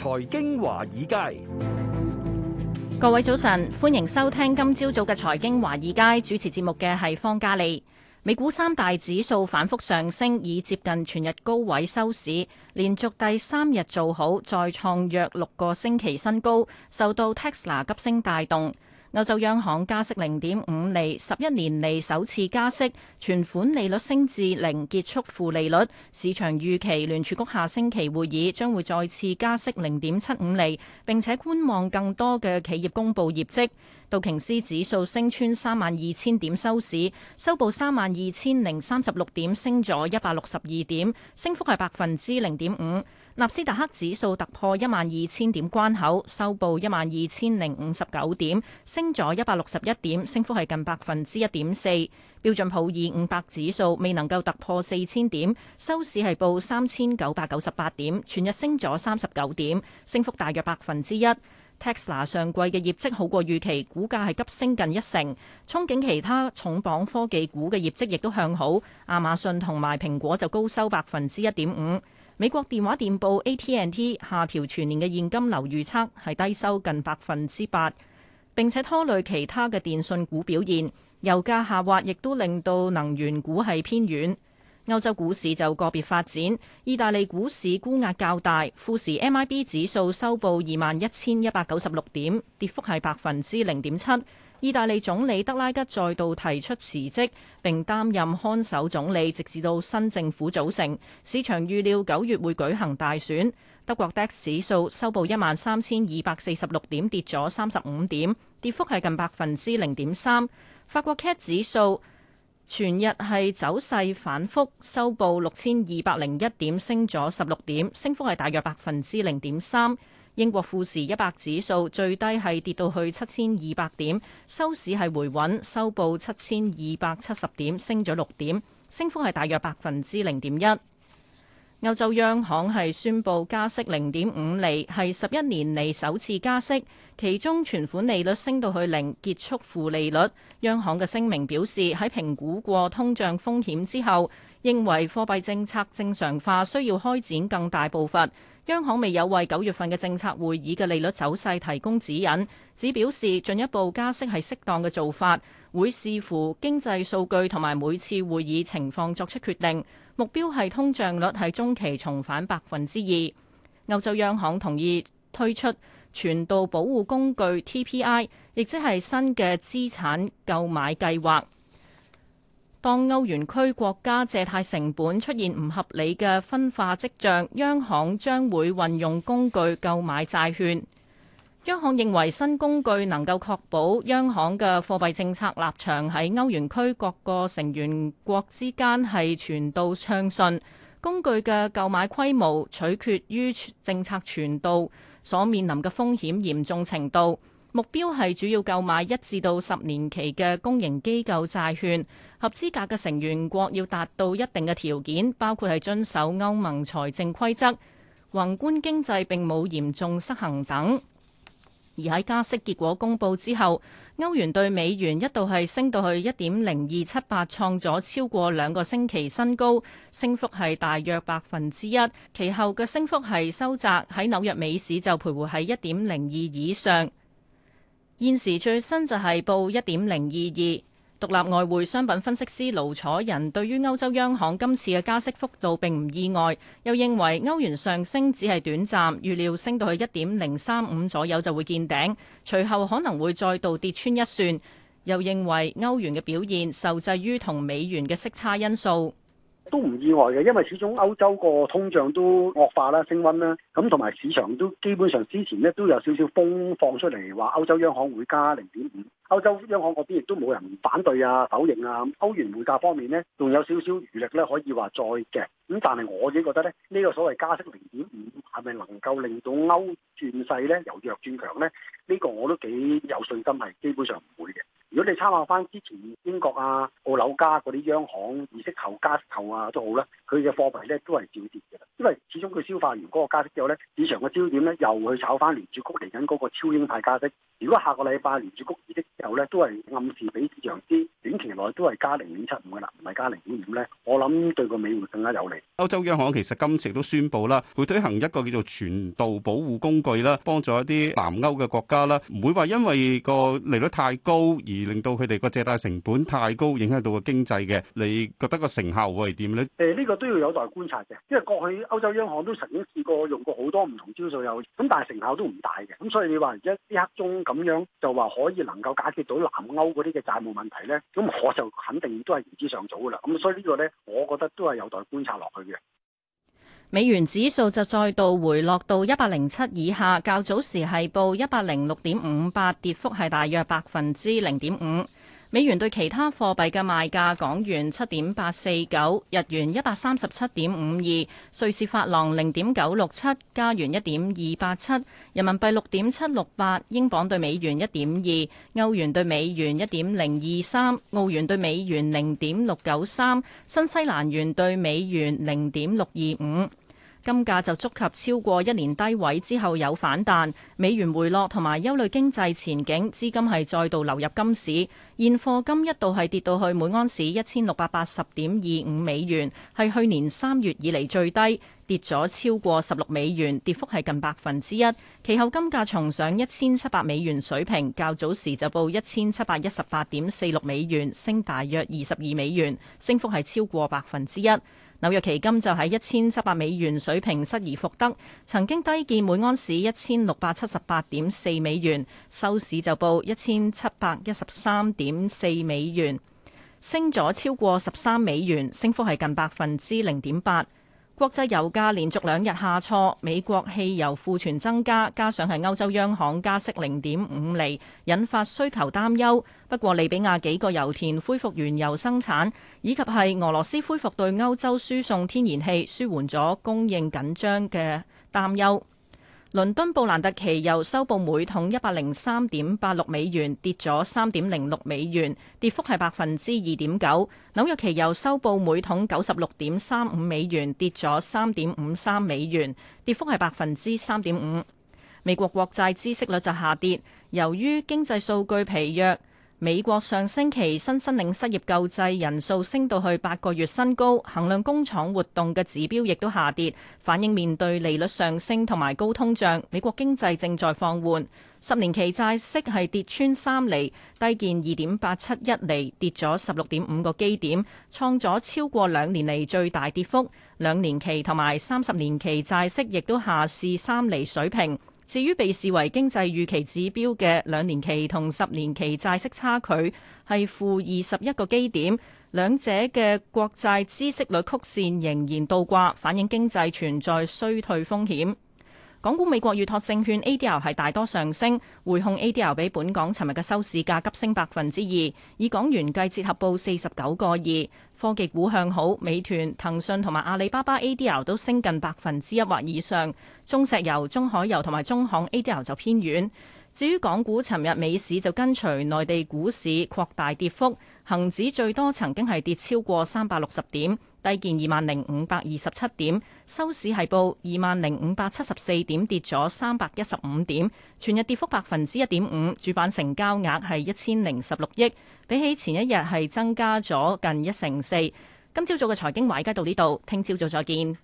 財經華爾街，各位早晨，歡迎收聽今朝早嘅財經華爾街，主持節目嘅係方嘉莉。美股三大指數反覆上升，以接近全日高位收市，連續第三日做好，再創約六個星期新高，受到 Tesla 急升帶動。歐洲央行加息零點五厘，十一年嚟首次加息，存款利率升至零，結束負利率。市場預期聯儲局下星期會議將會再次加息零點七五厘，並且觀望更多嘅企業公佈業績。道瓊斯指數升穿三萬二千點收市，收報三萬二千零三十六點，升咗一百六十二點，升幅係百分之零點五。納斯達克指數突破一萬二千點關口，收報一萬二千零五十九點，升咗一百六十一點，升幅係近百分之一點四。標準普爾五百指數未能夠突破四千點，收市係報三千九百九十八點，全日升咗三十九點，升幅大約百分之一。Tesla 上季嘅業績好過預期，股價係急升近一成。憧憬其他重磅科技股嘅業績亦都向好，亞馬遜同埋蘋果就高收百分之一點五。美國電話電報 AT&T 下調全年嘅現金流預測，係低收近百分之八，並且拖累其他嘅電信股表現。油價下滑亦都令到能源股係偏軟。歐洲股市就個別發展，意大利股市沽壓較大，富時 MIB 指數收報二萬一千一百九十六點，跌幅係百分之零點七。意大利總理德拉吉再度提出辭職，並擔任看守總理，直至到新政府組成。市場預料九月會舉行大選。德國 DAX 指數收報一萬三千二百四十六點，跌咗三十五點，跌幅係近百分之零點三。法國 CAC 指數全日係走勢反覆，收報六千二百零一點，升咗十六點，升幅係大約百分之零點三。英國富時一百指數最低係跌到去七千二百點，收市係回穩，收報七千二百七十點，升咗六點，升幅係大約百分之零點一。歐洲央行係宣布加息零點五厘，係十一年嚟首次加息，其中存款利率升到去零，結束負利率。央行嘅聲明表示，喺評估過通脹風險之後，認為貨幣政策正常化需要開展更大步伐。央行未有為九月份嘅政策會議嘅利率走勢提供指引，只表示進一步加息係適當嘅做法，會視乎經濟數據同埋每次會議情況作出決定。目標係通脹率係中期重返百分之二。歐洲央行同意推出傳導保護工具 TPI，亦即係新嘅資產購買計劃。當歐元區國家借貸成本出現唔合理嘅分化跡象，央行將會運用工具購買債券。央行認為新工具能夠確保央行嘅貨幣政策立場喺歐元區各個成員國之間係傳導暢順。工具嘅購買規模取決於政策傳導所面臨嘅風險嚴重程度。目標係主要購買一至到十年期嘅公營機構債券。合資格嘅成員國要達到一定嘅條件，包括係遵守歐盟財政規則、宏觀經濟並冇嚴重失衡等。而喺加息結果公布之後，歐元兌美元一度係升到去一點零二七八，創咗超過兩個星期新高，升幅係大約百分之一。其後嘅升幅係收窄，喺紐約美市就徘徊喺一點零二以上。現時最新就係報一點零二二。獨立外匯商品分析師盧楚仁對於歐洲央行今次嘅加息幅度並唔意外，又認為歐元上升只係短暫，預料升到去一點零三五左右就會見頂，隨後可能會再度跌穿一算。又認為歐元嘅表現受制於同美元嘅息差因素，都唔意外嘅，因為始終歐洲個通脹都惡化啦、升温啦，咁同埋市場都基本上之前呢都有少少風放出嚟，話歐洲央行會加零點五。歐洲央行嗰邊亦都冇人反對啊、否認啊咁，歐元匯價方面呢，仲有少少餘力呢，可以話再嘅。咁但係我自己覺得呢，呢個所謂加息零點五係咪能夠令到歐轉勢呢？由弱轉強呢？呢個我都幾有信心係基本上唔會嘅。如果你參考翻之前英國啊、澳紐加嗰啲央行議息頭加息頭啊都好啦，佢嘅貨幣呢都係照跌嘅。因為始終佢消化完嗰個加息之後呢，市場嘅焦點呢又去炒翻聯儲局嚟緊嗰個超英派加息。如果下個禮拜聯儲局議息有咧，都係暗示俾市場知，短期內都係加零點七五嘅啦，唔係加零點五咧。我諗對個美匯更加有利。歐洲央行其實今次都宣布啦，會推行一個叫做傳導保護工具啦，幫助一啲南歐嘅國家啦，唔會話因為個利率太高而令到佢哋個借貸成本太高，影響到個經濟嘅。你覺得個成效會係點咧？誒，呢個都要有待觀察嘅，因為過去歐洲央行都曾經試過用過好多唔同招數，有咁，但係成效都唔大嘅。咁所以你話一即刻鐘咁樣就話可以能夠解。解決到南歐嗰啲嘅債務問題呢，咁我就肯定都係言之尚早噶啦。咁所以呢個呢，我覺得都係有待觀察落去嘅。美元指數就再度回落到一百零七以下，較早時係報一百零六點五八，跌幅係大約百分之零點五。美元對其他貨幣嘅賣價：港元七點八四九，日元一百三十七點五二，瑞士法郎零點九六七，加元一點二八七，人民幣六點七六八，英鎊對美元一點二，歐元對美元一點零二三，澳元對美元零點六九三，新西蘭元對美元零點六二五。金價就觸及超過一年低位之後有反彈，美元回落同埋憂慮經濟前景，資金係再度流入金市。現貨金一度係跌到去每安士一千六百八十點二五美元，係去年三月以嚟最低，跌咗超過十六美元，跌幅係近百分之一。其後金價重上一千七百美元水平，較早時就報一千七百一十八點四六美元，升大約二十二美元，升幅係超過百分之一。紐約期金就喺一千七百美元水平失而復得，曾經低見每安士一千六百七十八點四美元，收市就報一千七百一十三點四美元，升咗超過十三美元，升幅係近百分之零點八。國際油價連續兩日下挫，美國汽油庫存增加，加上係歐洲央行加息零點五厘，引發需求擔憂。不過，利比亞幾個油田恢復原油生產，以及係俄羅斯恢復對歐洲輸送天然氣，舒緩咗供應緊張嘅擔憂。倫敦布蘭特期油收報每桶一百零三點八六美元，跌咗三點零六美元，跌幅係百分之二點九。紐約期油收報每桶九十六點三五美元，跌咗三點五三美元，跌幅係百分之三點五。美國國債孳息率就下跌，由於經濟數據疲弱。美國上星期新申領失業救濟人數升到去八個月新高，衡量工廠活動嘅指標亦都下跌，反映面對利率上升同埋高通脹，美國經濟正在放緩。十年期債息係跌穿三厘，低見二點八七一厘，跌咗十六點五個基點，創咗超過兩年嚟最大跌幅。兩年期同埋三十年期債息亦都下試三厘水平。至於被視為經濟預期指標嘅兩年期同十年期債息差距係負二十一個基點，兩者嘅國債孳息率曲線仍然倒掛，反映經濟存在衰退風險。港股美國預託證券 ADR 係大多上升，匯控 ADR 比本港尋日嘅收市價急升百分之二，以港元計折合報四十九個二。科技股向好，美團、騰訊同埋阿里巴巴 ADR 都升近百分之一或以上。中石油、中海油同埋中行 ADR 就偏軟。至於港股尋日美市就跟隨內地股市擴大跌幅，恒指最多曾經係跌超過三百六十點。低見二萬零五百二十七點，收市係報二萬零五百七十四點，跌咗三百一十五點，全日跌幅百分之一點五，主板成交額係一千零十六億，比起前一日係增加咗近一成四。今朝早嘅財經華爾街到呢度，聽朝早再見。